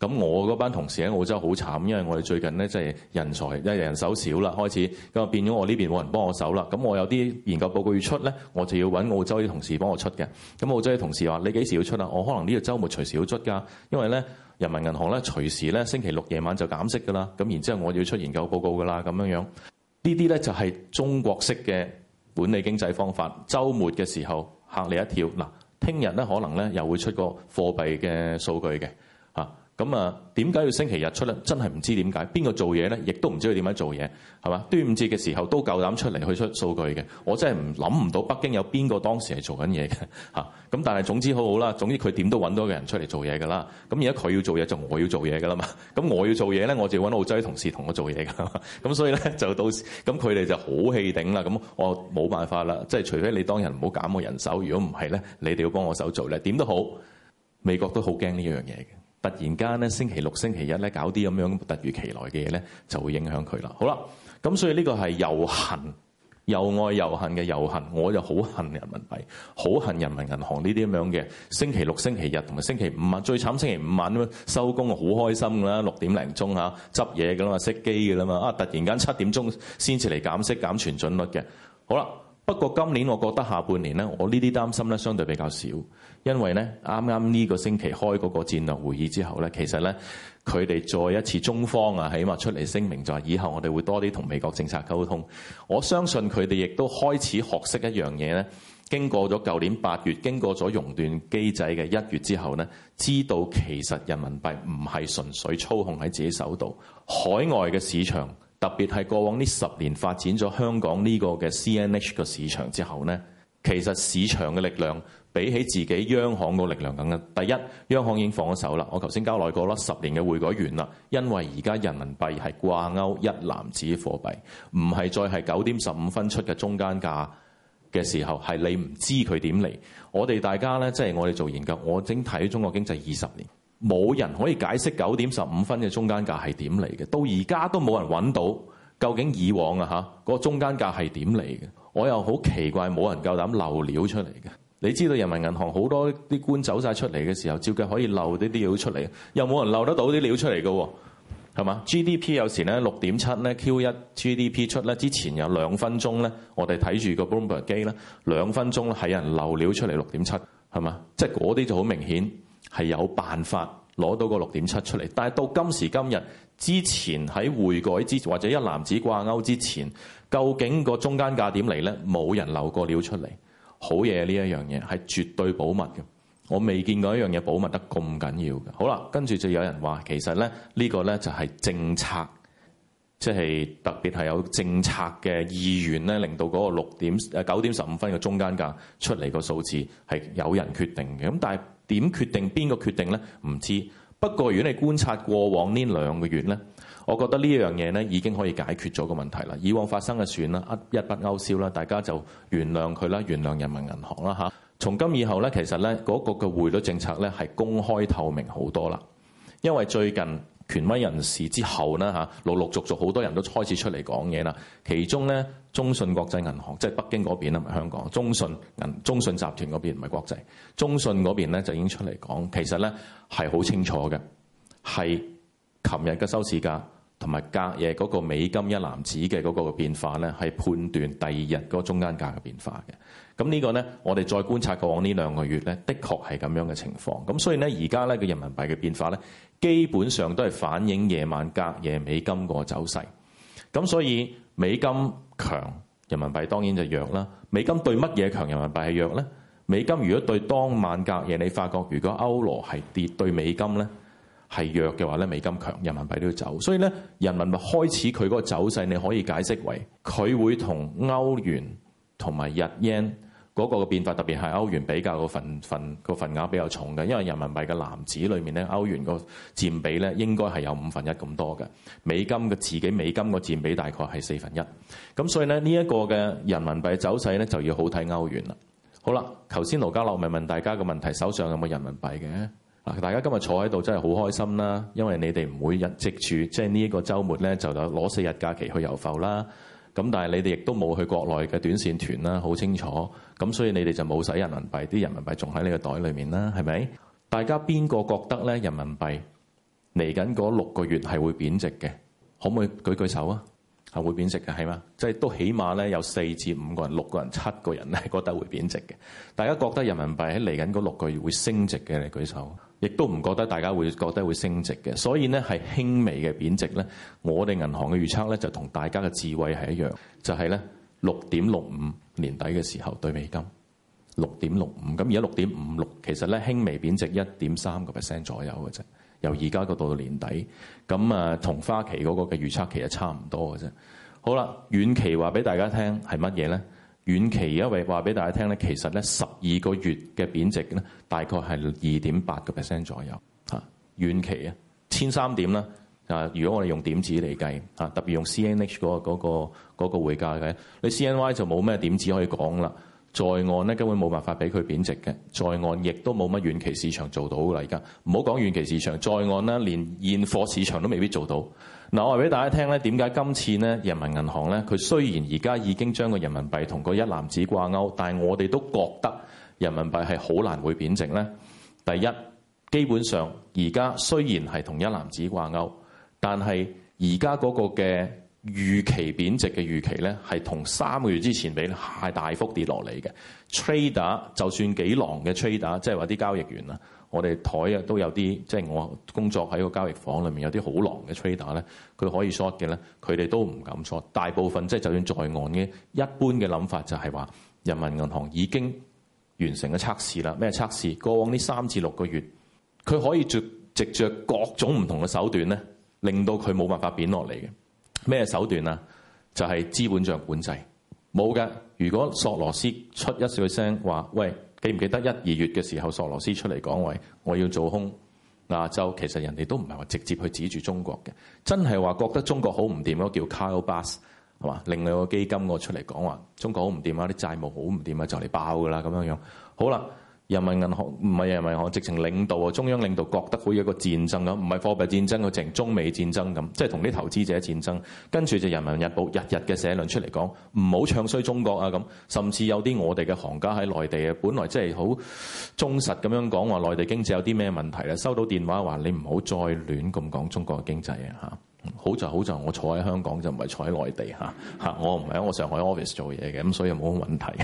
咁我嗰班同事喺澳洲好慘，因為我哋最近咧即係人才，即係人手少啦，開始咁啊變咗我呢邊冇人幫我手啦。咁我有啲研究報告要出咧，我就要搵澳洲啲同事幫我出嘅。咁澳洲啲同事話：你幾時要出啊？我可能呢個週末隨時要出㗎，因為咧人民銀行咧隨時咧星期六夜晚就減息㗎啦。咁然之後我要出研究報告㗎啦，咁樣樣呢啲咧就係中國式嘅管理經濟方法。週末嘅時候嚇你一跳嗱，聽日咧可能咧又會出個貨幣嘅數據嘅嚇。咁啊，點解要星期日出咧？真係唔知點解邊個做嘢咧，亦都唔知佢點樣做嘢係嘛？端午節嘅時候都夠膽出嚟去出數據嘅，我真係唔諗唔到北京有邊個當時係做緊嘢嘅嚇。咁但係總之好好啦，總之佢點都揾到個人出嚟做嘢㗎啦。咁而家佢要做嘢就我要做嘢㗎啦嘛。咁我要做嘢咧，我就揾澳洲啲同事同我做嘢㗎嘛。咁所以咧就到時咁佢哋就好氣頂啦。咁我冇辦法啦，即係除非你當日唔好減我人手，如果唔係咧，你哋要幫我手做咧，點都好美國都好驚呢一樣嘢嘅。突然間咧，星期六、星期日咧，搞啲咁樣突如其來嘅嘢咧，就會影響佢啦。好啦，咁所以呢個係又恨又愛又恨嘅又恨，我又好恨人民幣，好恨人民銀行呢啲咁樣嘅星期六、星期日同埋星期五晚，最慘，星期五晚收工好開心㗎啦，六點零鐘嚇執嘢㗎啦嘛，熄機㗎啦嘛啊！突然間七點鐘先至嚟減息減存準率嘅。好啦，不過今年我覺得下半年咧，我呢啲擔心咧相對比較少。因為咧，啱啱呢個星期開嗰個戰略會議之後咧，其實咧，佢哋再一次中方啊，起碼出嚟聲明就係以後我哋會多啲同美國政策溝通。我相信佢哋亦都開始學識一樣嘢咧。經過咗舊年八月，經過咗熔斷機制嘅一月之後咧，知道其實人民幣唔係純粹操控喺自己手度，海外嘅市場，特別係過往呢十年發展咗香港呢個嘅 CNH 嘅市場之後咧。其實市場嘅力量比起自己央行嘅力量更加。第一，央行已經放咗手啦。我頭先交代過啦，十年嘅匯改完啦。因為而家人民幣係掛鈎一籃子貨幣，唔係再係九點十五分出嘅中間價嘅時候，係你唔知佢點嚟。我哋大家呢，即係我哋做研究，我整睇中國經濟二十年，冇人可以解釋九點十五分嘅中間價係點嚟嘅。到而家都冇人揾到究竟以往啊嚇嗰個中間價係點嚟嘅。我又好奇怪，冇人夠膽漏料出嚟嘅。你知道人民銀行好多啲官走晒出嚟嘅時候，照計可以漏呢啲料出嚟，又冇人漏得到啲料出嚟嘅喎，係嘛？GDP 有時咧六點七咧，Q 一 GDP 出咧之前有兩分鐘咧，我哋睇住個 Bloomberg 機咧，兩分鐘咧係有人漏料出嚟六點七，係嘛？即係嗰啲就好、是、明顯係有辦法攞到個六點七出嚟，但係到今時今日。之前喺匯改之前，或者一男子掛鈎之前，究竟個中間價點嚟咧？冇人漏過料出嚟。好嘢，呢一樣嘢係絕對保密嘅。我未見過一樣嘢保密得咁緊要嘅。好啦，跟住就有人話，其實咧呢個咧就係政策，即、就、係、是、特別係有政策嘅意願咧，令到嗰個六點誒九點十五分嘅中間價出嚟個數字係有人決定嘅。咁但係點決定，邊個決定咧？唔知。不過，如果你觀察過往呢兩個月呢，我覺得這呢樣嘢呢已經可以解決咗個問題啦。以往發生嘅損啦、一筆勾銷啦，大家就原諒佢啦，原諒人民銀行啦嚇。從今以後呢，其實呢嗰、那個嘅匯率政策呢係公開透明好多啦，因為最近。權威人士之後呢吓，陸陸續續好多人都開始出嚟講嘢啦。其中呢，中信國際銀行，即係北京嗰邊，唔係香港。中信銀、中信集團嗰邊，唔係國際，中信嗰邊咧就已經出嚟講，其實呢，係好清楚嘅，係琴日嘅收市價。同埋隔夜嗰個美金一籃子嘅嗰個變化咧，係判斷第二日嗰中間價嘅變化嘅。咁呢個咧，我哋再觀察過往呢兩個月咧，的確係咁樣嘅情況。咁所以咧，而家咧個人民幣嘅變化咧，基本上都係反映夜晚隔夜美金個走勢。咁所以美金強，人民幣當然就弱啦。美金對乜嘢強，人民幣係弱咧？美金如果對當晚隔夜，你發覺如果歐羅係跌對美金咧？係弱嘅話咧，美金強，人民幣都要走。所以咧，人民幣開始佢嗰個走勢，你可以解釋為佢會同歐元同埋日 yen 嗰個嘅變化，特別係歐元比較個份份個份額比較重嘅，因為人民幣嘅籃子裏面咧，歐元個佔比咧應該係有五分一咁多嘅，美金嘅自己美金個佔比大概係四分一。咁所以咧，呢一個嘅人民幣走勢咧就要好睇歐元喇。好啦，頭先盧家樂咪問大家個問題，手上有冇人民幣嘅？大家今日坐喺度真係好開心啦，因為你哋唔會日積儲，即係呢一個週末咧就有攞四日假期去遊埠啦。咁但係你哋亦都冇去國內嘅短線團啦，好清楚。咁所以你哋就冇使人民幣，啲人民幣仲喺你個袋裏面啦，係咪？大家邊個覺得咧人民幣嚟緊嗰六個月係會貶值嘅？可唔可以舉舉手啊？係會貶值嘅，係嘛？即係都起碼咧，有四至五個人、六個人、七個人咧覺得會貶值嘅。大家覺得人民幣喺嚟緊嗰六個月會升值嘅，你舉手。亦都唔覺得大家會覺得會升值嘅。所以咧，係輕微嘅貶值咧，我哋銀行嘅預測咧就同大家嘅智慧係一樣，就係咧六點六五年底嘅時候對美金六點六五。咁而家六點五六，其實咧輕微貶值一點三個 percent 左右嘅啫。由而家個到到年底，咁啊，同花旗嗰個嘅預測其實差唔多嘅啫。好啦，遠期話俾大家聽係乜嘢咧？遠期因為話俾大家聽咧，其實咧十二個月嘅貶值咧，大概係二點八個 percent 左右嚇。遠期啊，千三點啦啊。如果我哋用點子嚟計嚇，特別用 C N H 嗰個嗰個嗰個匯價嘅，你 C N Y 就冇咩點子可以講啦。在岸咧根本冇辦法俾佢貶值嘅，在岸亦都冇乜遠期市場做到㗎啦，而家唔好講遠期市場，在岸咧連現貨市場都未必做到。嗱，我話俾大家聽咧，點解今次咧人民銀行咧，佢雖然而家已經將個人民幣同個一籃子掛鈎，但係我哋都覺得人民幣係好難會貶值咧。第一，基本上而家雖然係同一籃子掛鈎，但係而家嗰個嘅預期貶值嘅預期咧，係同三個月之前比係大幅跌落嚟嘅。Trader 就算幾狼嘅 Trader，即係話啲交易員啊，我哋台啊都有啲，即係我工作喺個交易房裏面有啲好狼嘅 Trader 咧，佢可以 short 嘅咧，佢哋都唔敢 short。大部分即係就算在岸嘅一般嘅諗法就係話，人民銀行已經完成咗測試啦。咩測試？過往呢三至六個月，佢可以藉藉著各種唔同嘅手段咧，令到佢冇辦法貶落嚟嘅。咩手段啊？就係、是、資本帳管制冇嘅。如果索羅斯出一少少聲話，喂，記唔記得一二月嘅時候，索羅斯出嚟講話，我要做空亞洲、呃。其實人哋都唔係話直接去指住中國嘅，真係話覺得中國好唔掂嗰叫 Kyle Bass 係嘛？另外個基金我出嚟講話，中國好唔掂啊，啲債務好唔掂啊，就嚟爆㗎啦咁樣樣。好啦。人民銀行唔係人民銀行，直情領導啊！中央領導覺得好似一個戰爭咁，唔係貨幣戰爭，佢直情中美戰爭咁，即係同啲投資者戰爭。跟住就《人民日報》日日嘅社論出嚟講，唔好唱衰中國啊！咁，甚至有啲我哋嘅行家喺內地啊，本來即係好忠實咁樣講話內地經濟有啲咩問題咧，收到電話話你唔好再亂咁講中國嘅經濟啊！嚇。好在好在我坐喺香港就唔係坐喺內地、嗯、我唔係喺我上海 office 做嘢嘅，咁所以冇乜問題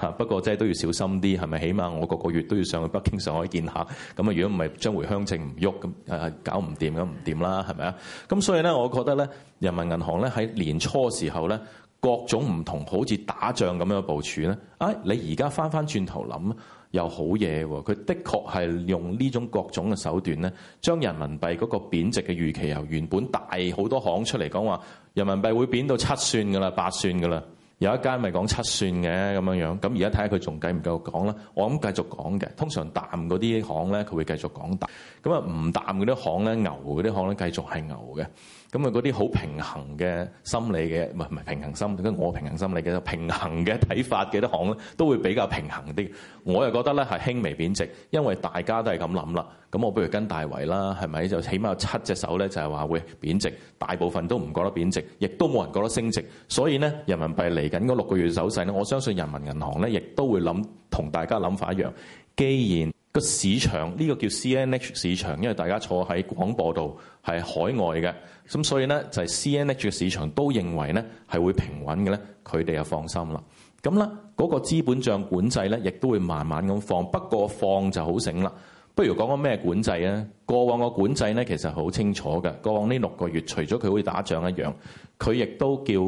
嚇。 不過即係都要小心啲係咪？起碼我個個月都要上去北京、上海見下。咁啊。如果唔係將回鄉證唔喐咁，誒搞唔掂咁唔掂啦，係咪啊？咁所以咧，我覺得咧，人民銀行咧喺年初時候咧各種唔同，好似打仗咁樣嘅部署咧啊、哎！你而家翻翻轉頭諗。又好嘢喎！佢的確係用呢種各種嘅手段咧，將人民幣嗰個貶值嘅預期由原本大好多行出嚟講話，人民幣會貶到七算㗎啦，八算㗎啦，有一間咪講七算嘅咁樣樣。咁而家睇下佢仲繼唔繼續講啦。我諗繼續講嘅，通常淡嗰啲行咧，佢會繼續講大。咁啊，唔淡嗰啲行咧，牛嗰啲行咧，繼續係牛嘅。咁啊，嗰啲好平衡嘅心理嘅，唔係唔平衡心理，跟我平衡心理嘅，平衡嘅睇法嘅得行咧，都會比較平衡啲。我又覺得咧係輕微貶值，因為大家都係咁諗啦。咁我不如跟大圍啦，係咪就起碼有七隻手咧，就係話會貶值。大部分都唔覺得貶值，亦都冇人覺得升值。所以咧，人民幣嚟緊嗰六個月嘅走勢咧，我相信人民銀行咧，亦都會諗同大家諗法一樣。既然個市場呢、呢個叫 C N H 市場，因為大家坐喺廣播度係海外嘅，咁所以呢，就係 C N H 嘅市場都認為呢係會平穩嘅呢，佢哋就放心啦。咁啦嗰個資本帳管制呢，亦都會慢慢咁放，不過放就好醒啦。不如講講咩管制呢？過往個管制呢，其實好清楚嘅，過往呢六個月除咗佢會打仗一樣，佢亦都叫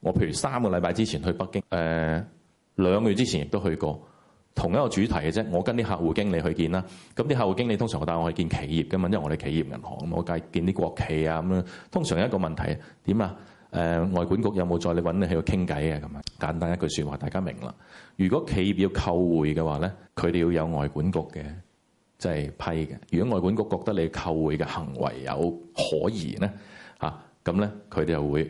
我譬如三個禮拜之前去北京，誒、呃、兩個月之前亦都去過。同一個主題嘅啫，我跟啲客戶經理去見啦。咁啲客戶經理通常我帶我去見企業㗎嘛，因為我哋企業銀行，我介見啲國企啊咁樣。通常有一個問題點啊？誒外管局有冇再你搵你喺度傾偈啊咁啊！簡單一句説話，大家明啦。如果企業要購匯嘅話咧，佢哋要有外管局嘅，即係批嘅。如果外管局覺得你購匯嘅行為有可疑咧，嚇咁咧，佢哋會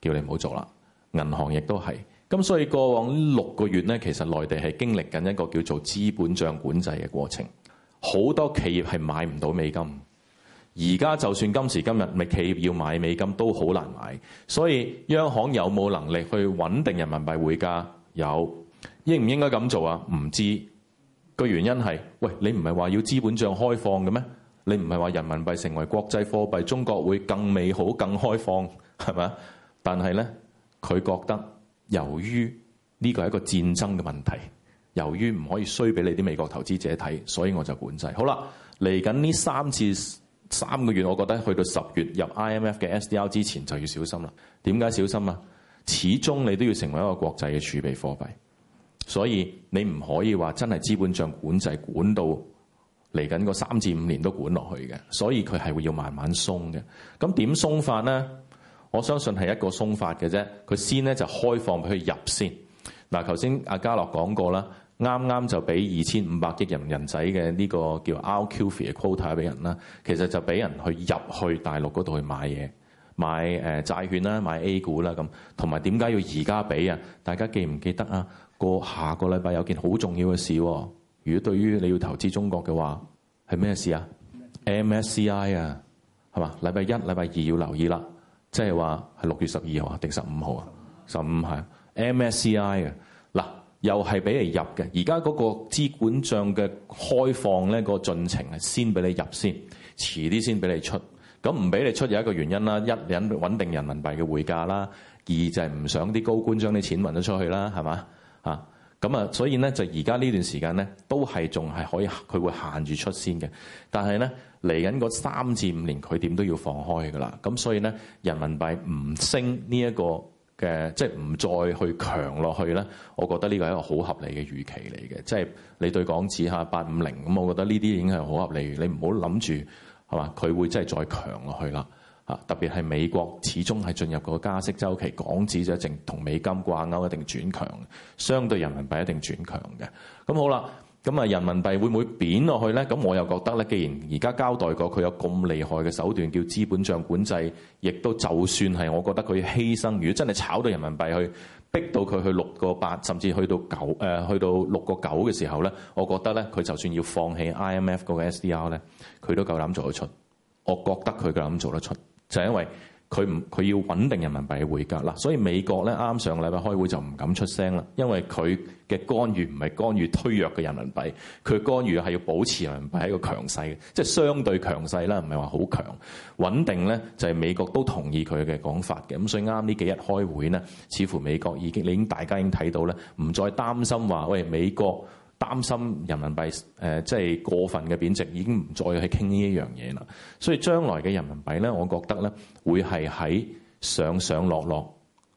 叫你唔好做啦。銀行亦都係。咁所以過往六個月咧，其實內地係經歷緊一個叫做資本帳管制嘅過程，好多企業係買唔到美金。而家就算今時今日，咪企業要買美金都好難買。所以央行有冇能力去穩定人民幣匯價？有，應唔應該咁做啊？唔知。個原因係喂，你唔係話要資本帳開放嘅咩？你唔係話人民幣成為國際貨幣，中國會更美好、更開放係咪？但係呢，佢覺得。由於呢個係一個戰爭嘅問題，由於唔可以衰俾你啲美國投資者睇，所以我就管制好。好啦，嚟緊呢三次三個月，我覺得去到十月入 IMF 嘅 SDR 之前就要小心啦。點解小心啊？始終你都要成為一個國際嘅儲備貨幣，所以你唔可以話真係資本帳管制管到嚟緊個三至五年都管落去嘅，所以佢係會要慢慢鬆嘅。咁點鬆法呢？我相信係一個鬆法嘅啫，佢先咧就開放俾佢入先嗱。頭、啊、先阿嘉樂講過啦，啱啱就俾二千五百億人人仔嘅呢個叫 RQFII 嘅 quota 俾人啦，其實就俾人去入去大陸嗰度去買嘢，買誒債、呃、券啦，買 A 股啦咁。同埋點解要而家俾啊？大家記唔記得啊？過下個禮拜有件好重要嘅事、啊，如果對於你要投資中國嘅話，係咩事啊？MSCI 啊，係嘛？禮拜一、禮拜二要留意啦。即係話係六月十二號啊，定十五號啊，十五係 MSCI 嘅嗱，又係俾你入嘅。而家嗰個資管帳嘅開放咧，個進程係先俾你入先，遲啲先俾你出。咁唔俾你出有一個原因啦，一穩穩定人民幣嘅匯價啦，二就係唔想啲高官將啲錢運咗出去啦，係嘛啊？咁啊，所以咧就而家呢段時間咧，都係仲係可以佢會限住出先嘅。但係咧嚟緊嗰三至五年，佢點都要放開噶啦。咁所以咧，人民幣唔升呢一個嘅，即係唔再去強落去咧，我覺得呢個係一個好合理嘅預期嚟嘅。即係你對港紙嚇八五零咁，我覺得呢啲已經係好合理。你唔好諗住係嘛，佢會真係再強落去啦。啊！特別係美國始終係進入個加息周期，港紙就淨同美金掛鈎，一定轉強。相對人民幣一定轉強嘅。咁好啦，咁啊人民幣會唔會貶落去咧？咁我又覺得咧，既然而家交代過佢有咁厲害嘅手段叫資本帳管制，亦都就算係我覺得佢犧牲，如果真係炒到人民幣去逼到佢去六個八，甚至去到九、呃、去到六個九嘅時候咧，我覺得咧佢就算要放棄 IMF 嗰個 SDR 咧，佢都夠膽做得出。我覺得佢夠膽做得出。就係因為佢唔佢要穩定人民幣匯價啦，所以美國咧啱上個禮拜開會就唔敢出聲啦，因為佢嘅干預唔係干預推弱嘅人民幣，佢干預係要保持人民幣係一個強勢嘅，即係相對強勢啦，唔係話好強穩定咧，就係美國都同意佢嘅講法嘅，咁所以啱啱呢幾日開會咧，似乎美國已經你已經大家已經睇到咧，唔再擔心話喂美國。擔心人民幣誒、呃、即係過分嘅貶值，已經唔再去傾呢一樣嘢啦。所以將來嘅人民幣咧，我覺得咧會係喺上上落落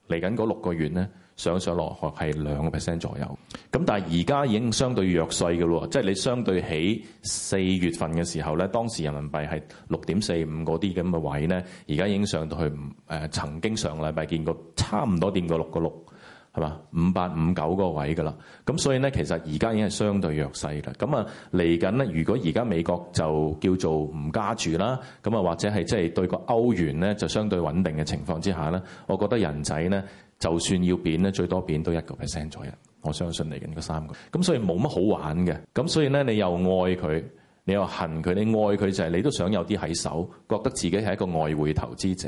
嚟緊嗰六個月咧，上上落落係兩個 percent 左右。咁但係而家已經相對弱勢嘅咯，即係你相對起四月份嘅時候咧，當時人民幣係六點四五嗰啲咁嘅位咧，而家已經上到去誒、呃、曾經上禮拜見過差唔多掂過六個六。係嘛？五八五九個位㗎啦，咁所以咧，其實而家已經係相對弱勢啦。咁啊，嚟緊咧，如果而家美國就叫做唔加住啦，咁啊，或者係即係對個歐元咧就相對穩定嘅情況之下咧，我覺得人仔咧就算要貶咧，最多貶到一個 percent 左右，我相信嚟緊個三個。咁所以冇乜好玩嘅。咁所以咧，你又愛佢，你又恨佢，你愛佢就係你都想有啲喺手，覺得自己係一個外匯投資者。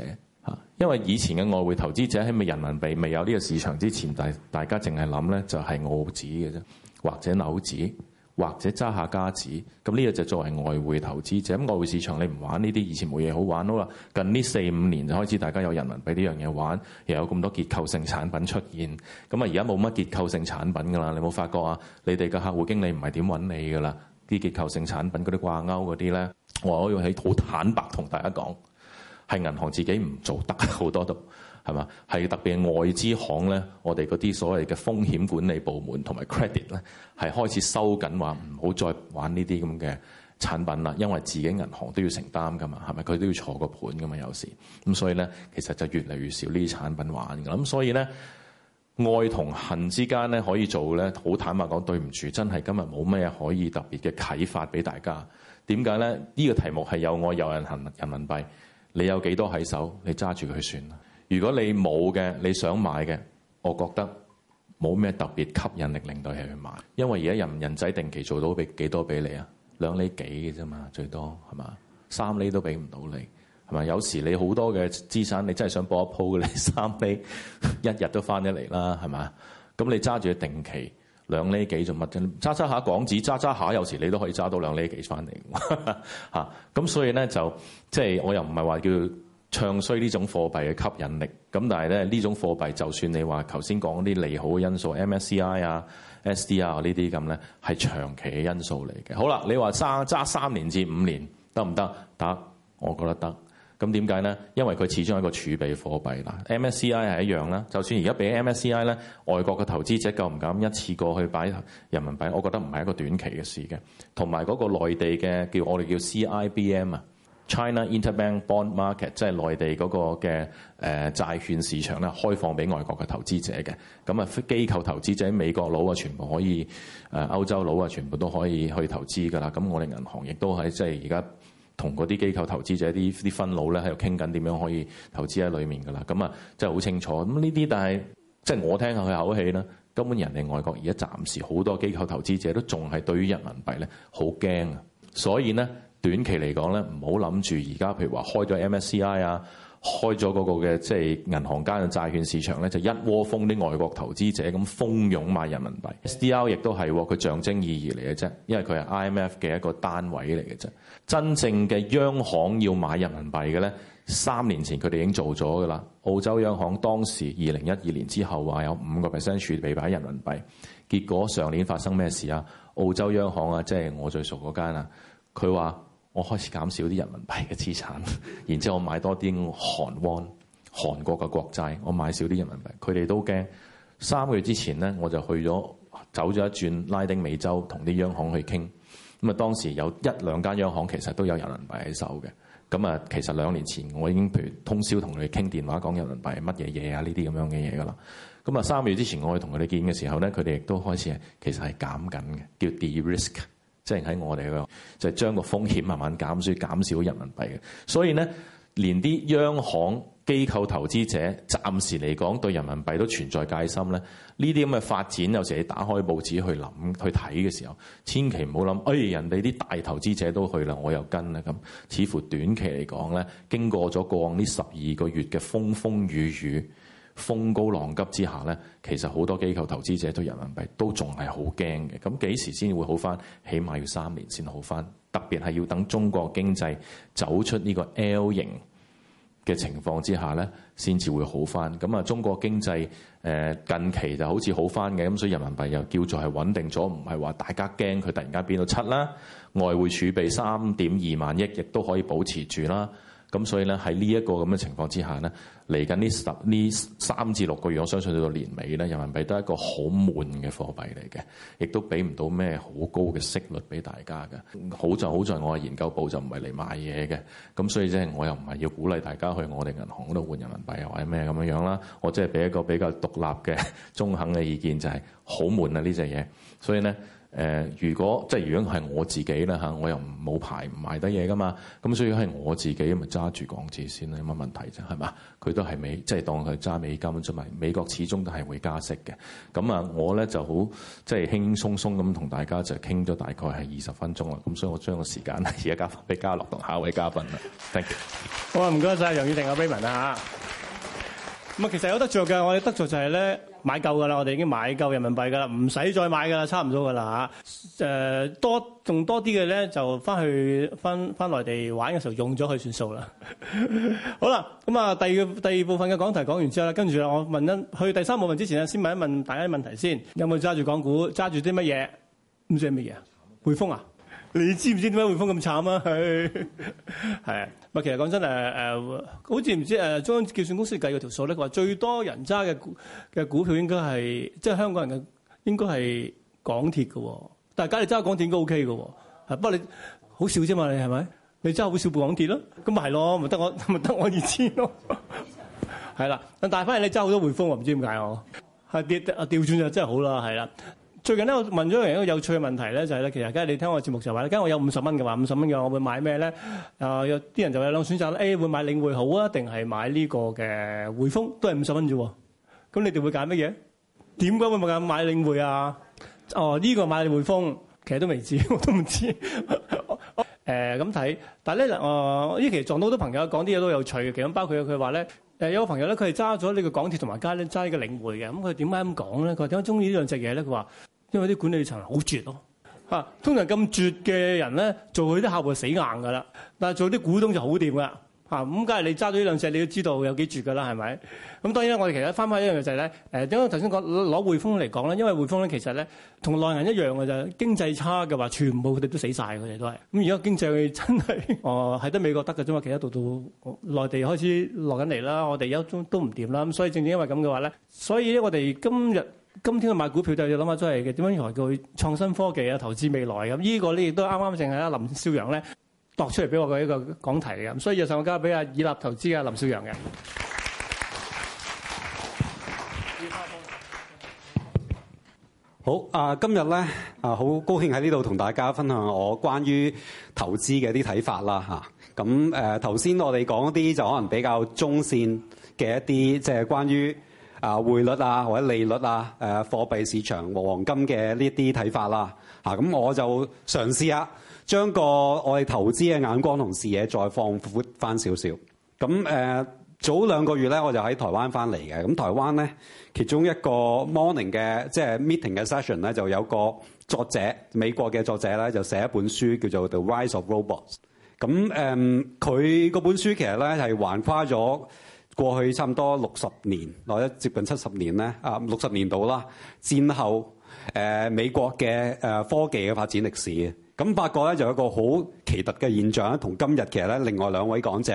因為以前嘅外匯投資者喺咪人民幣未有呢個市場之前，大大家淨係諗咧就係澳紙嘅啫，或者紐紙，或者揸下加紙。咁呢個就作為外匯投資者。咁外匯市場你唔玩呢啲，這些以前冇嘢好玩啦。近呢四五年就開始大家有人民幣呢樣嘢玩，又有咁多結構性產品出現。咁啊而家冇乜結構性產品㗎啦。你冇發覺啊？你哋嘅客戶經理唔係點揾你㗎啦？啲結構性產品嗰啲掛鈎嗰啲咧，我可以喺好坦白同大家講。係銀行自己唔做得好多度係嘛。係特別外資行咧，我哋嗰啲所謂嘅風險管理部門同埋 credit 咧，係開始收緊話唔好再玩呢啲咁嘅產品啦，因為自己銀行都要承擔噶嘛，係咪佢都要坐個盤噶嘛？有時咁所以咧，其實就越嚟越少呢啲產品玩嘅，咁，所以咧愛同恨之間咧可以做咧，好坦白講，對唔住，真係今日冇咩可以特別嘅啟發俾大家。點解咧？呢個題目係有愛有恨，行人民幣。你有幾多喺手？你揸住佢算啦。如果你冇嘅，你想買嘅，我覺得冇咩特別吸引力令到你去買。因為而家人人仔定期做到俾幾多俾你啊？兩厘幾嘅啫嘛，最多係嘛？三厘都俾唔到你係咪？有時你好多嘅資產，你真係想搏一鋪嘅，你三厘一日都翻得嚟啦，係咪？咁你揸住佢定期。兩厘幾做乜啫？揸揸下港紙，揸揸下，有時你都可以揸到兩厘幾翻嚟嚇。咁所以咧就即係、就是、我又唔係話叫唱衰呢種貨幣嘅吸引力。咁但係咧呢種貨幣，就算你話頭先講啲利好嘅因素，MSCI 啊、SDR 啊呢啲咁咧，係長期嘅因素嚟嘅。好啦，你話揸揸三年至五年得唔得？得，我覺得得。咁點解呢？因為佢始終係一個儲備貨幣啦。MSCI 係一樣啦。就算而家俾 MSCI 呢，外國嘅投資者夠唔夠咁一次過去擺人民幣？我覺得唔係一個短期嘅事嘅。同埋嗰個內地嘅叫我哋叫 CIBM 啊，China Interbank Bond Market，即係內地嗰個嘅誒債券市場咧，開放俾外國嘅投資者嘅。咁啊，機構投資者，美國佬啊，全部可以誒，呃、歐洲佬啊，全部都可以去投資噶啦。咁我哋銀行亦都喺即係而家。同嗰啲機構投資者啲啲分腦咧喺度傾緊點樣可以投資喺裏面㗎喇，咁啊真係好清楚。咁呢啲但係即係我聽下佢口氣呢，根本人哋外國而家暫時好多機構投資者都仲係對於人民幣咧好驚啊，所以咧短期嚟講咧唔好諗住而家譬如話開咗 MSCI 啊。開咗嗰個嘅即係銀行間嘅債券市場咧，就一窩蜂啲外國投資者咁蜂擁買人民幣。SDR 亦都係喎，佢象徵意義嚟嘅啫，因為佢係 IMF 嘅一個單位嚟嘅啫。真正嘅央行要買人民幣嘅咧，三年前佢哋已經做咗噶啦。澳洲央行當時二零一二年之後話有五個 percent 儲備擺人民幣，結果上年發生咩事啊？澳洲央行啊，即係我最熟嗰間啊，佢話。我開始減少啲人民幣嘅資產，然之後我買多啲韓元、韓國嘅國債，我買少啲人民幣。佢哋都驚三個月之前咧，我就去咗走咗一轉拉丁美洲，同啲央行去傾。咁啊，當時有一兩間央行其實都有人民幣喺手嘅。咁啊，其實兩年前我已經譬如通宵同佢哋傾電話，講人民幣乜嘢嘢啊呢啲咁樣嘅嘢噶啦。咁啊，三個月之前我去同佢哋見嘅時候咧，佢哋亦都開始係其實係減緊嘅，叫 de-risk。Risk, 即係喺我哋度，就係將個風險慢慢減少，減少人民幣嘅。所以咧，連啲央行機構投資者暫時嚟講對人民幣都存在戒心咧。呢啲咁嘅發展，有時你打開報紙去諗去睇嘅時候，千祈唔好諗，哎人哋啲大投資者都去啦，我又跟啦咁。似乎短期嚟講咧，經過咗過往呢十二個月嘅風風雨雨。風高浪急之下咧，其實好多機構投資者對人民幣都仲係好驚嘅。咁幾時先會好返？起碼要三年先好返。特別係要等中國經濟走出呢個 L 型嘅情況之下咧，先至會好返。咁啊，中國經濟誒近期就好似好返嘅，咁所以人民幣又叫做係穩定咗，唔係話大家驚佢突然間變到七啦。外匯儲備三點二萬億，亦都可以保持住啦。咁所以咧，喺呢一個咁嘅情況之下咧。嚟緊呢十呢三至六個月，我相信到年尾咧，人民幣都係一個好悶嘅貨幣嚟嘅，亦都俾唔到咩好高嘅息率俾大家嘅。好在好在我嘅研究部就唔係嚟買嘢嘅，咁所以即係我又唔係要鼓勵大家去我哋銀行度換人民幣又或者咩咁樣樣啦。我即係俾一個比較獨立嘅中肯嘅意見，就係好悶啊呢隻嘢，所以咧。誒、呃，如果即係如果係我自己啦、啊、我又冇牌唔賣得嘢噶嘛，咁所以係我自己咪揸住港紙先啦，有乜問題啫？係嘛，佢都係美，即係當佢揸美金出埋美國始終都係會加息嘅。咁啊，我咧就好即係輕輕鬆鬆咁同大家就傾咗大概係二十分鐘啦。咁所以我將個時間呢，而家交翻俾嘉樂同下一位嘉賓啦。Thank you。好啊，唔該晒，楊宇霆 Raymond 啊。吓，咁啊，其實有得著嘅，我哋得著就係、是、咧。買夠㗎啦，我哋已經買夠人民幣㗎啦，唔使再買㗎啦，差唔多㗎啦嚇。誒、呃、多仲多啲嘅咧，就翻去翻翻內地玩嘅時候用咗佢算數啦。 好啦，咁啊第二第二部分嘅講題講完之後咧，跟住咧我問一去第三部分之前咧，先問一問大家啲問題先，有冇揸住港股揸住啲乜嘢？唔知係乜嘢啊？匯豐啊？你知唔知點解匯豐咁慘啊？佢。係啊！其實講真，誒誒、呃，好似唔知誒，中央計算公司計過條數呢，話最多人揸嘅嘅股票應該係即係香港人嘅應該係港鐵嘅喎。但係假如揸港鐵都 O K 嘅喎，不過你好少啫嘛，你係咪你揸好少部港鐵咯？咁咪係咯，咪得我咪得我二千咯，係 啦。但大返嘢，你揸、啊、好多匯豐唔知點解我係跌啊，掉轉就真係好啦，係啦。最近咧，我問咗一樣一個有趣嘅問題咧，就係、是、咧，其實梗係你聽我節目就話咧，梗係我有五十蚊嘅話，五十蚊嘅我會買咩咧？啊，有啲人就有兩選擇咧，A、哎、會買領匯好啊，定係買呢個嘅匯豐，都係五十蚊啫喎。咁你哋會揀乜嘢？點解會冇揀買領匯啊？哦，呢、這個買匯豐，其實都未知，我都唔知。誒咁睇，但係咧，誒呢期撞到好多朋友講啲嘢都有趣嘅，其實包括佢話咧，誒有個朋友咧，佢係揸咗呢個港鐵同埋街咧揸呢個領匯嘅，咁佢點解咁講咧？佢點解中意呢兩隻嘢咧？佢話。因為啲管理層好絕咯、啊，嚇、啊、通常咁絕嘅人咧，做佢啲客戶死硬噶啦，但係做啲股東就好掂噶啦，咁梗係你揸到呢兩隻，你都知道有幾絕噶啦，係咪？咁、啊、當然啦，我哋其實翻翻一樣就係咧，誒點解頭先講攞匯豐嚟講咧？因為匯豐咧其實咧同內銀一樣嘅啫，就係、經濟差嘅話，全部佢哋都死晒，佢哋都係。咁而家經濟真係，哦係得美國得嘅啫嘛，其他度到內地開始落緊嚟啦，我哋有都都唔掂啦。咁所以正正因為咁嘅話咧，所以咧我哋今日。今天去買股票就要諗下都係嘅，點樣才叫創新科技啊、投資未來咁？呢個咧亦都啱啱淨係阿林少陽咧駁出嚟俾我嘅一個講題嘅。咁所以日上我交俾阿以立投資嘅阿林少陽嘅。好啊，今日咧啊，好高興喺呢度同大家分享我關於投資嘅啲睇法啦嚇。咁誒頭先我哋講啲就可能比較中線嘅一啲，即係關於。啊，匯率啊，或者利率啊，誒、啊、貨幣市場和黃金嘅呢啲睇法啦，咁、啊、我就嘗試下、啊、將個我哋投資嘅眼光同視野再放寬翻少少。咁誒、啊、早兩個月咧，我就喺台灣翻嚟嘅。咁台灣咧，其中一個 morning 嘅即係、就是、meeting 嘅 session 咧，就有個作者，美國嘅作者咧，就寫一本書叫做《The Rise of Robots》。咁、啊、誒，佢嗰本書其實咧係橫跨咗。過去差唔多六十年，或者接近七十年咧，啊，六十年度啦，戰後、呃、美國嘅、呃、科技嘅發展歷史，咁發覺咧就有一個好奇特嘅現象咧，同今日其實咧另外兩位講者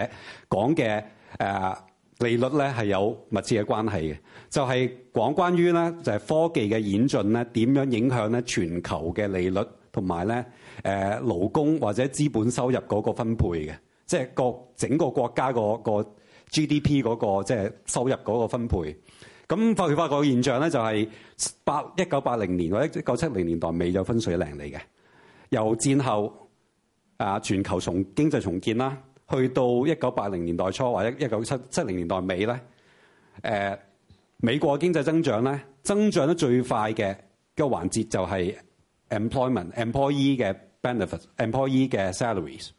講嘅誒利率咧係有密切嘅關係嘅，就係、是、講關於咧就係、是、科技嘅演進咧點樣影響咧全球嘅利率同埋咧誒勞工或者資本收入嗰個分配嘅，即係整個國家個個。GDP 嗰，那個即係、就是、收入嗰個分配，咁發現發覺現象咧就係八一九八零年或者一九七零年代尾有分水嶺嚟嘅，由戰後啊全球從經濟重建啦，去到一九八零年代初或者一九七七零年代尾咧、呃，美國經濟增長咧增長得最快嘅個環節就係 employment employee 嘅 benefits employee 嘅 salaries。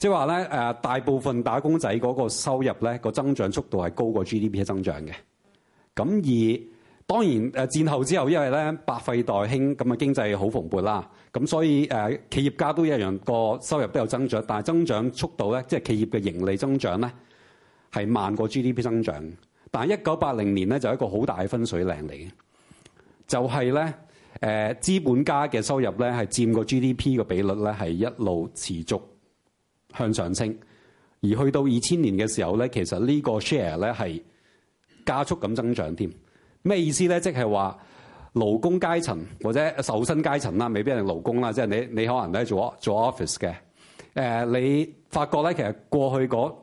即係話咧，誒大部分打工仔嗰個收入咧個增長速度係高過 GDP 嘅增長嘅。咁而當然誒戰後之後，因為咧百廢待興咁嘅經濟好蓬勃啦，咁所以誒企業家都一樣個收入都有增長，但係增長速度咧，即係企業嘅盈利增長咧係慢過 GDP 增長。但係一九八零年咧就係一個好大嘅分水嶺嚟嘅，就係咧誒資本家嘅收入咧係佔個 GDP 嘅比率咧係一路持續。向上升，而去到二千年嘅時候咧，其實這個呢個 share 咧係加速咁增長添。咩意思咧？即係話勞工階層或者受薪階層啦，未必係勞工啦，即係你你可能喺做做 office 嘅。誒、呃，你發覺咧，其實過去嗰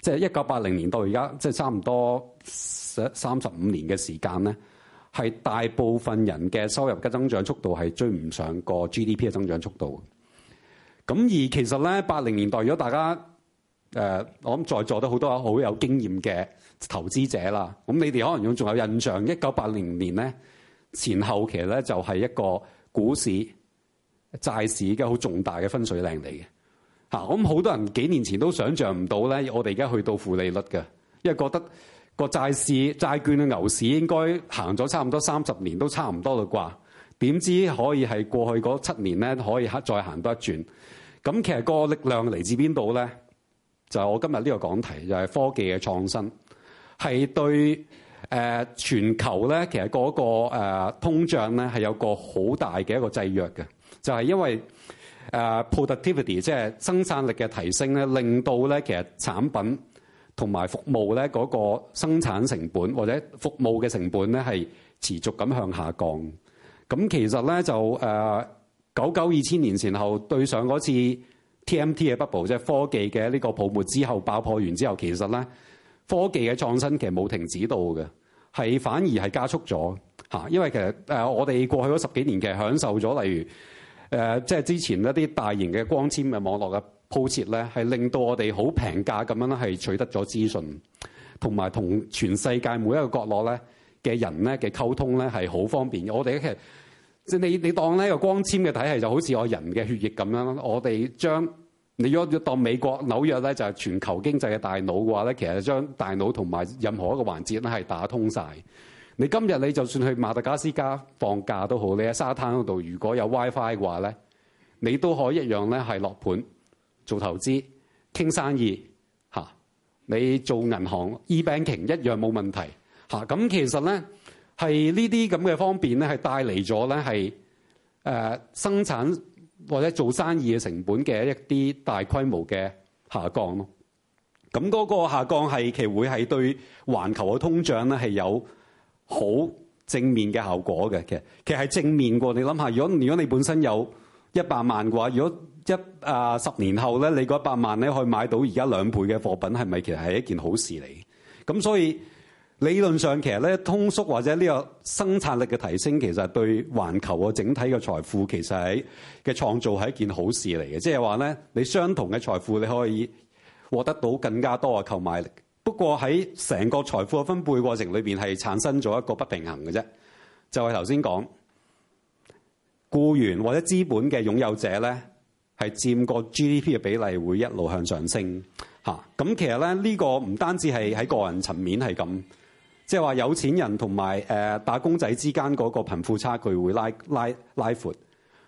即係一九八零年到而家，即、就、係、是、差唔多三十五年嘅時間咧，係大部分人嘅收入嘅增長速度係追唔上個 GDP 嘅增長速度。咁而其實咧，八零年代如果大家誒、呃，我諗在座都好多好有經驗嘅投資者啦。咁你哋可能仲有印象，一九八零年咧前後，期呢，咧就係、是、一個股市、債市嘅好重大嘅分水嶺嚟嘅。咁、啊、好多人幾年前都想像唔到咧，我哋而家去到負利率嘅，因為覺得個債市、債券嘅牛市應該行咗差唔多三十年都差唔多嘞啩，點知可以係過去嗰七年咧可以再行多一轉。咁其實個力量嚟自邊度咧？就係我今日呢個講題，就係、是、科技嘅創新，係對誒、呃、全球咧，其實嗰、那個誒、呃、通脹咧，係有個好大嘅一個制約嘅。就係、是、因為誒、呃、productivity，即係生產力嘅提升咧，令到咧其實產品同埋服務咧嗰、那個生產成本或者服務嘅成本咧，係持續咁向下降。咁其實咧就誒。呃九九二千年前後對上嗰次 TMT 嘅 bubble，即係科技嘅呢個泡沫之後爆破完之後，其實咧科技嘅創新其實冇停止到嘅，係反而係加速咗嚇、啊。因為其實誒、呃，我哋過去嗰十幾年其實享受咗，例如誒，即、呃、係、即係、之前一啲大型嘅光纖嘅網絡嘅鋪設咧，係令到我哋好平價咁樣咧係取得咗資訊，同埋同全世界每一個角落咧嘅人咧嘅溝通咧係好方便嘅。我哋其實。即你，你當呢個光纖嘅體系就好似我人嘅血液咁樣。我哋將你若當美國紐約咧就係全球經濟嘅大腦嘅話咧，其實將大腦同埋任何一個環節咧係打通晒。你今日你就算去馬達加斯加放假都好，你喺沙灘嗰度如果有 WiFi 嘅話咧，你都可以一樣咧係落盤做投資、傾生意。你做銀行、E-banking 一樣冇問題。咁其實咧～係呢啲咁嘅方便咧，係帶嚟咗咧係生產或者做生意嘅成本嘅一啲大規模嘅下降咯。咁嗰個下降係其實會係對環球嘅通脹咧係有好正面嘅效果嘅。其實其實係正面過你諗下，如果如果你本身有一百萬嘅話，如果一啊十、呃、年後咧，你嗰一百萬咧可以買到而家兩倍嘅貨品，係咪其實係一件好事嚟？咁所以。理論上其實咧，通縮或者呢個生產力嘅提升，其實對環球嘅整體嘅財富其實係嘅創造係一件好事嚟嘅。即係話咧，你相同嘅財富你可以獲得到更加多嘅購買力。不過喺成個財富嘅分配過程裏邊，係產生咗一個不平衡嘅啫。就係頭先講，僱員或者資本嘅擁有者咧，係佔個 GDP 嘅比例會一路向上升嚇。咁其實咧，呢、這個唔單止係喺個人層面係咁。即係話有錢人同埋誒打工仔之間嗰個貧富差距會拉拉拉闊，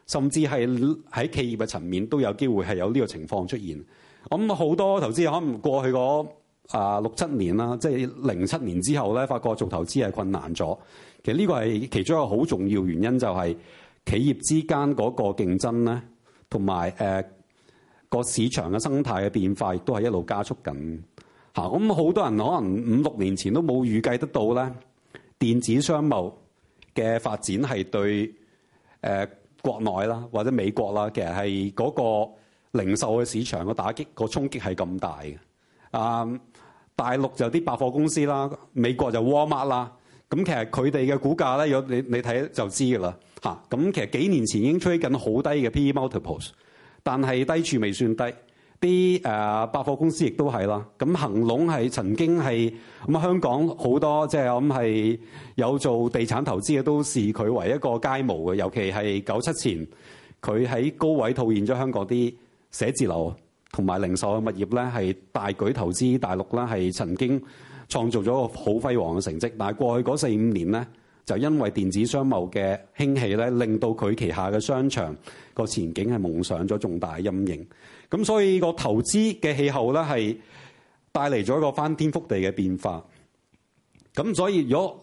甚至係喺企業嘅層面都有機會係有呢個情況出現。咁、嗯、好多投資可能過去嗰啊、呃、六七年啦，即係零七年之後咧，發覺做投資係困難咗。其實呢個係其中一個好重要原因，就係企業之間嗰個競爭咧，同埋誒個市場嘅生態嘅變化，亦都係一路加速緊。嚇！咁好、嗯、多人可能五六年前都冇預計得到咧，電子商務嘅發展係對誒、呃、國內啦，或者美國啦，其實係嗰個零售嘅市場個打擊、那個衝擊係咁大嘅。啊、嗯，大陸就啲百貨公司啦，美國就 Walmart 啦，咁、嗯、其實佢哋嘅股價咧有你你睇就知㗎啦。嚇、嗯！咁、嗯、其實幾年前已經吹緊好低嘅 PE multiples，但係低處未算低，啲誒百貨公司亦都係啦，咁恒隆係曾經係咁香港好多即係咁係有做地產投資嘅都視佢為一個楷模嘅，尤其係九七前佢喺高位套現咗香港啲寫字樓同埋零售嘅物業咧，係大舉投資大陸啦，係曾經創造咗個好輝煌嘅成績，但係過去嗰四五年咧，就因為電子商務嘅興起咧，令到佢旗下嘅商場個前景係蒙上咗重大陰影。咁所以個投資嘅氣候咧係帶嚟咗一個翻天覆地嘅變化。咁所以如果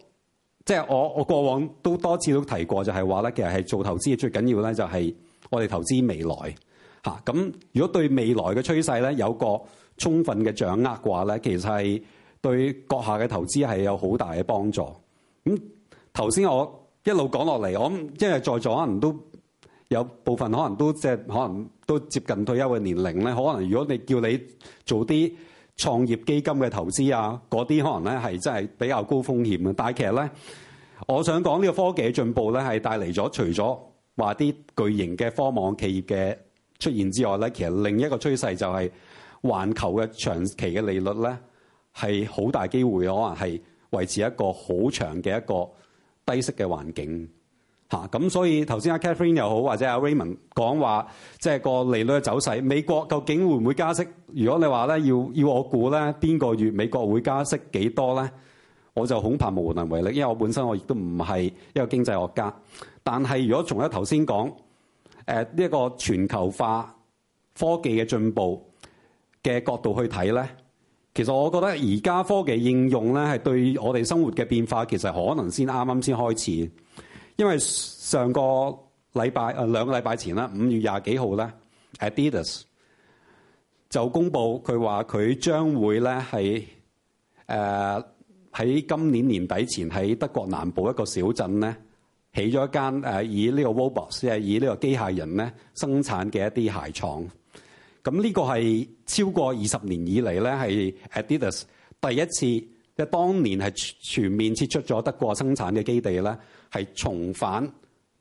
即係、就是、我我過往都多次都提過，就係話咧，其實係做投資嘅最緊要咧就係我哋投資未來嚇。咁如果對未來嘅趨勢咧有個充分嘅掌握嘅話咧，其實係對閣下嘅投資係有好大嘅幫助。咁頭先我一路講落嚟，我諗因為在座可能都有部分可能都即係可能都接近退休嘅年齡咧。可能如果你叫你做啲創業基金嘅投資啊，嗰啲可能咧係真係比較高風險嘅。但係其實咧，我想講呢個科技嘅進步咧係帶嚟咗，除咗話啲巨型嘅科網企業嘅出現之外咧，其實另一個趨勢就係環球嘅長期嘅利率咧係好大機會可能係維持一個好長嘅一個。低息嘅環境，嚇、啊、咁所以頭先阿 Catherine 又好或者阿 Raymond 講話，即、就、係、是、個利率嘅走勢，美國究竟會唔會加息？如果你話咧要要我估咧，邊個月美國會加息幾多咧？我就恐怕無能為力，因為我本身我亦都唔係一個經濟學家。但係如果從咧頭先講，誒呢一個全球化科技嘅進步嘅角度去睇咧。其實我覺得而家科技應用咧，係對我哋生活嘅變化，其實可能先啱啱先開始。因為上個禮拜啊，兩個禮拜前啦，五月廿幾號啦，Adidas 就公布佢話佢將會咧係誒喺今年年底前喺德國南部一個小鎮咧起咗一間誒以呢個 robots 即係以呢個機械人咧生產嘅一啲鞋廠。咁呢個係超過二十年以嚟咧，係 Adidas 第一次即係當年係全面撤出咗德國生產嘅基地咧，係重返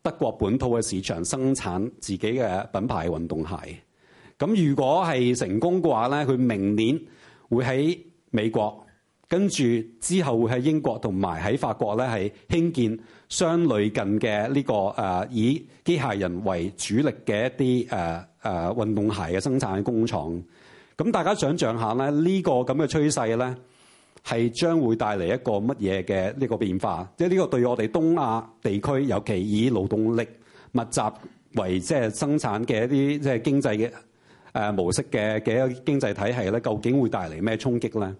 德國本土嘅市場生產自己嘅品牌嘅運動鞋。咁如果係成功嘅話咧，佢明年會喺美國跟住之後會喺英國同埋喺法國咧係興建，相類近嘅呢、這個誒、啊、以機械人為主力嘅一啲誒誒運動鞋嘅生產工廠，咁大家想象下咧，呢個咁嘅趨勢咧，係將會帶嚟一個乜嘢嘅呢個變化？即係呢個對我哋東亞地區，尤其以勞動力密集為即係生產嘅一啲即係經濟嘅誒模式嘅嘅一經濟體系咧，究竟會帶嚟咩衝擊咧？